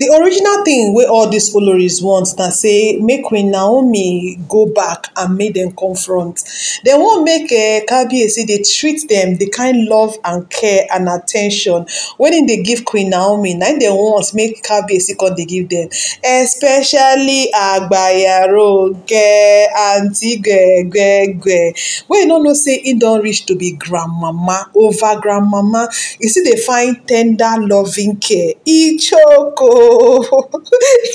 The original thing wey all these oloris want na say make queen naomi go back and make dem confront dem wan make eh, kabiyesi dey treat dem the kind love and care and at ten tion wey im dey give queen naomi na im dem want make kabiyesi come dey give dem especially Agbayaro, agbayaroge aunty gwegwegwe wey you no know say im don reach to be grandmama over grandmama e still dey find tender loving care ichoko oh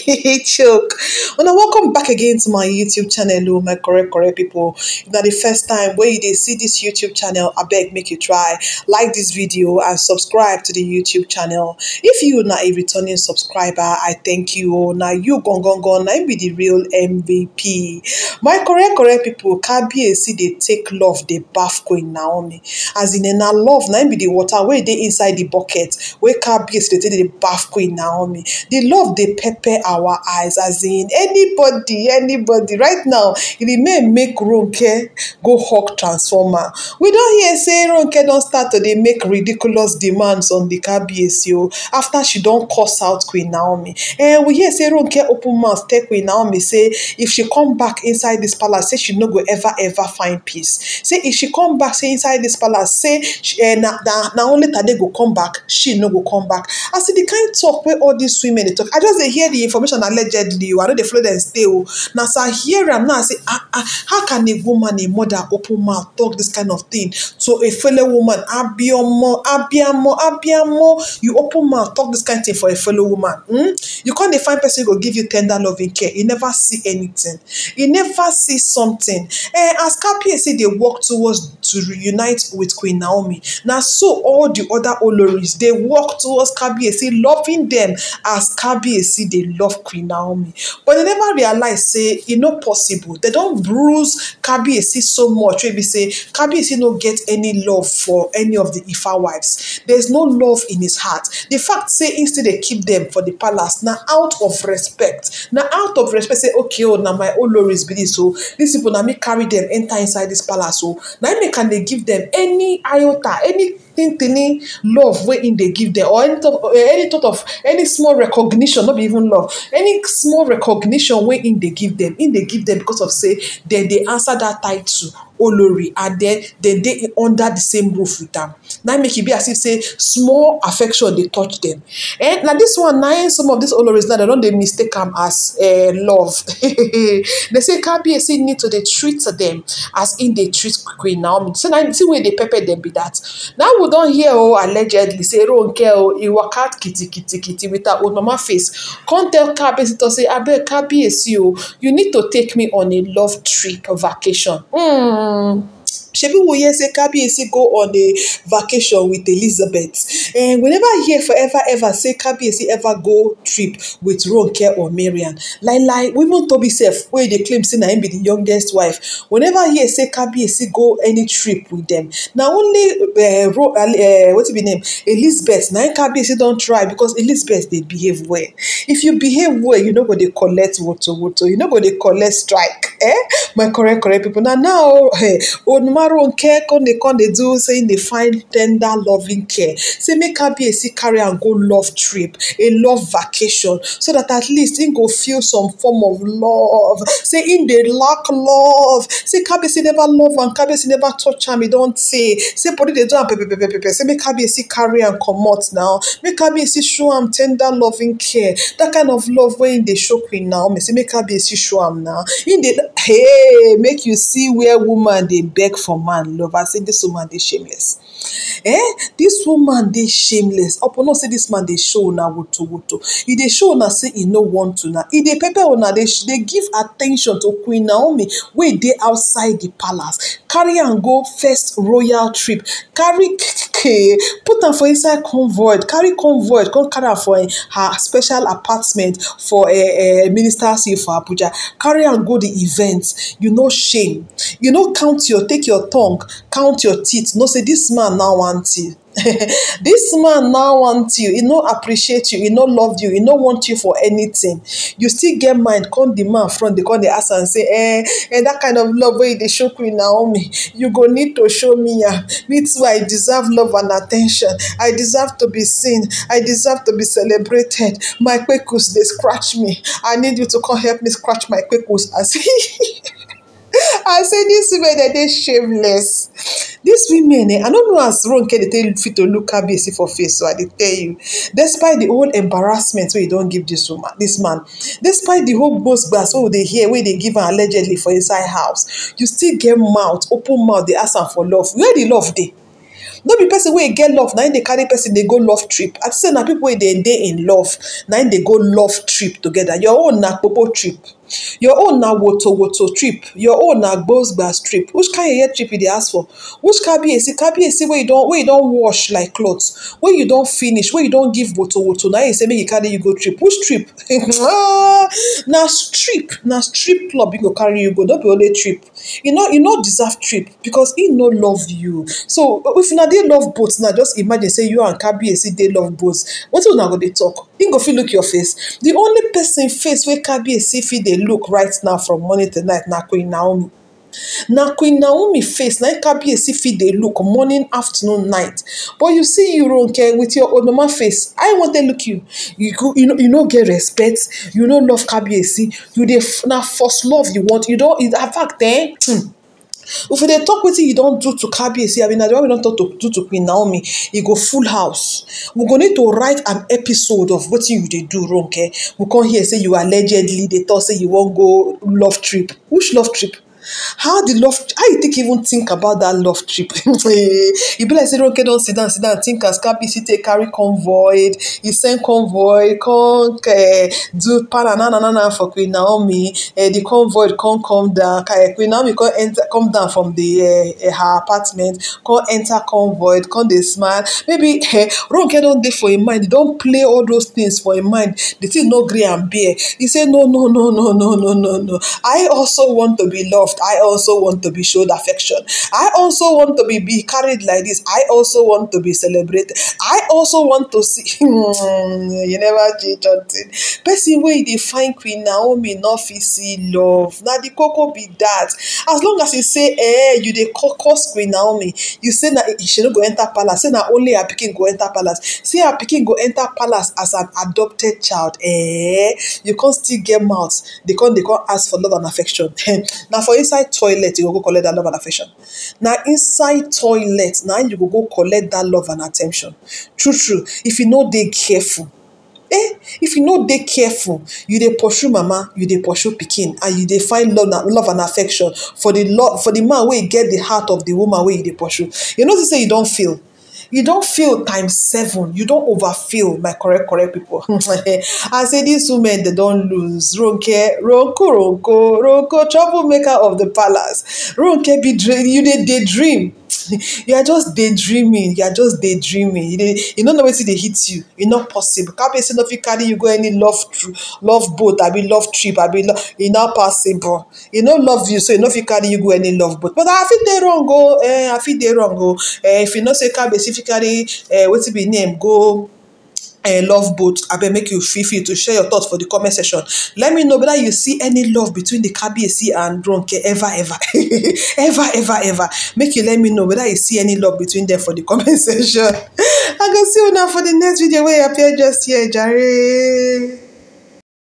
he choke I welcome back again to my youtube channel oh my correct correct people if that the first time where you see this youtube channel I beg make you try like this video and subscribe to the youtube channel if you not a returning subscriber i thank you you oh, na you gongongon Now be the real mvp my correct correct people can't be see they take love they bath queen naomi as in na love now be the water where they inside the bucket wey see they take the bath queen naomi the love they pepper our eyes, as in anybody, anybody. Right now, it may make Ronke go hawk transformer. We don't hear say Ronke don't start to they make ridiculous demands on the KBSU after she don't cuss out Queen Naomi. And eh, we hear say Ronke open mouth take Queen Naomi say if she come back inside this palace, say she no go ever ever find peace. Say if she come back, say inside this palace, say she, eh, na, na, na only Tade go come back, she no go come back. I see the kind talk where all these women women talk i just hear the information allegedly oh. I know the flow dem stay Now, oh. na i hear am now i say ah ah how can a woman a mother open mouth talk this kind of thing So, a fellow woman abiamo abiamo abiamo you open mouth talk this kind of thing for a fellow woman hmm you can't find person who give you tender loving care you never see anything you never see something And eh, as said, they work towards to reunite with queen naomi Now, so all the other oloris they work towards see loving them as as kabiyesi dey love queen naomi but dem never realize say e no possible dem don bruise kabiyesi so much wey be say kabiyesi no get any love for any of the ifa wives there is no love in his heart the fact say he still dey keep dem for the palace na out of respect na out of respect say okay Oh, na my own oloris be this o oh. this people na me carry dem enter inside this palace o oh. na im make i dey give dem any iota any tiny love wey im dey give them, or any eh, any sort of any small recognition not be even love any small recognition wey im dey give them, in dey give them because of say they dey answer that title olori and den dem dey under the same roof with am na make e be as if say small affection dey touch dem eh na this one na some of these oloris now dem don dey mistake am as eh, love dem say kabiyesi need to dey treat dem as im dey treat queen naomi say na the wey dey pepper dem be that. now we don hear o oh, allegedly say ronke o oh, e waka kiti with her old mama face come tell kabiyesi to say abeg kabiyesi o oh, you need to take me on a love trip vacation. Mm. Um, hear say Kabi Esi go on a vacation with Elizabeth. And we never hear forever ever say Kabi Esi ever go trip with Ronke or Marian. Like, like, we women be safe. where they claim say be the youngest wife. We never hear say Kabi Esi go any trip with them. Now only, uh, Ro, uh, what's it be name? Elizabeth. Now Kabi don't try because Elizabeth, they behave well. If you behave well, you no go dey collect woto woto. You no go dey collect strike. eh? My correct, correct people. Now, now, hey, Onumaro care, con they con they do saying they find tender, loving care. Say make her be a see carry and go love trip, a love vacation, so that at least in go feel some form of love. Say in they lack love. Say Kabesi never love and Kabesi never touch am. He don't say. Say body they do pepe Say make Kabesi carry and comot now. Make Kabesi show am tender, loving care. That kind of love when they show Queen now. Say make Kabesi show am now. In the hey make you see where woman they beg for man love I say this woman they shameless eh this woman they shameless upon us say this man they show una woto woto He they show una say he no want to una He they pepper they they give attention to queen naomi Wait, they outside the palace carry and go first royal trip carry okay put am for inside convoy carry convoy come carry am for eh, her special apartment for eh, eh, minister. here for abuja carry am go the event you no shame you no count your take your tongue count your teeth know say this man now wan thief this man now wants you he no appreciate you he no love you he no want you for anything you still get mind come the man front the corner dey ask am say eh eh that kind of love wey they show queen naomi you go need to show me am me too i deserve love and attention. i deserve to be seen i deserve to be celebrated my kpekus they scratch me i need you to come help me scratch my kpekus as i say this women dem dey shameless This women eh i no know as ronke dey tell fit to look her basic for face so i dey tell you despite the whole embarrassment wey e don give this woman this man despite the whole gbos gbas wey we dey hear wey dey give her allegedly for inside house you still get mouth open mouth dey ask am for love where the love dey no be person wey get love na im dey carry person dey go love trip i think say na people wey dey dey in love na im dey go love trip together your own na popo trip your own na woto woto trip your own na gbas trip which kind of trip you dey ask for which kabiyesi kabiyesi wey you don wash like cloth wey you don finish wey you don give woto woto na you say make you carry you go trip which trip na strip na strip club you go carry you go no be only trip you know you no deserve trip because he no love you so if na dey love both na just imagine say you and kabiyesi dey love both wetin una go dey talk He go fit look your face the only person face wey kabiyesi fit dey dey look right now from morning to night na queen naomi na queen naomi face na kabiyesi fit dey look morning afternoon night but you see you ronke with your old mama face i wan tell look you you go you no you no get respect you no love kabiyesi you dey na first love you want you don in fact eh. Hmm, if we dey talk wetin you don do to cabbya see i mean na the one we don do to do to queen na on e go full house. we go need to write an episode of wetin you dey do ro nke eh? we con hear say you allegedly dey talk say you wan go love trip which love trip. how the love how you take even think about that love trip e be like say ronke don sit down sit down think as kbc take carry convoy e send convoy come uh, do na for queen naomi uh, the convoy come come down uh, queen naomi come enter come down from the uh, her apartment come enter convoy come dey smile maybe uh, ronke don dey for im mind Don't play all those things for im mind the thing no grey and bear He say no no no no no no no no i also want to be loved i also want to be showed affection i also want to be be carried like this i also want to be celebrated i also want to see hmmm you never teach until person wey dey find queen naomi not fit see love na the koko be that as long as e say eh you dey cocos queen naomi you say na she no go enter palace say na only her pikin go enter palace say her pikin go enter palace as an adopted child eh you con still get mouth dey con dey con ask for love and affection now for inside toilet you go go collect that love and affection na inside toilet na you go go collect that love and attention true true if you no dey careful eh if you no dey careful you dey pursue mama you dey pursue pikin and you dey find love and affection for the love for the man wey get the heart of the woman wey you dey pursue you know say you don fail you don't fail times seven you don't overfill, my correct correct people i say these women they don't lose ronke ronko ronko ronko troublemaker of the palace ronke be dream. you dey dream you are just daydreaming you are just daydreaming you dey you no know wetin dey hit you e no possible kabiyesi no fit carry you go any love love boat abi love trip abi e no possible e no love you so e no fit carry you go any love boat but i fit dey wrong o eh i fit dey wrong o eh if you know say kabiyesi fit carry eh wetin be name go uh, love boat abeg make you feel free to share your thoughts for the comment section let me know whether you see any love between the kabiyesi and ronke ever ever ever ever ever make you let me know whether you see any love between them for the comment section i go see now for the next video where wey appear just here Jerry.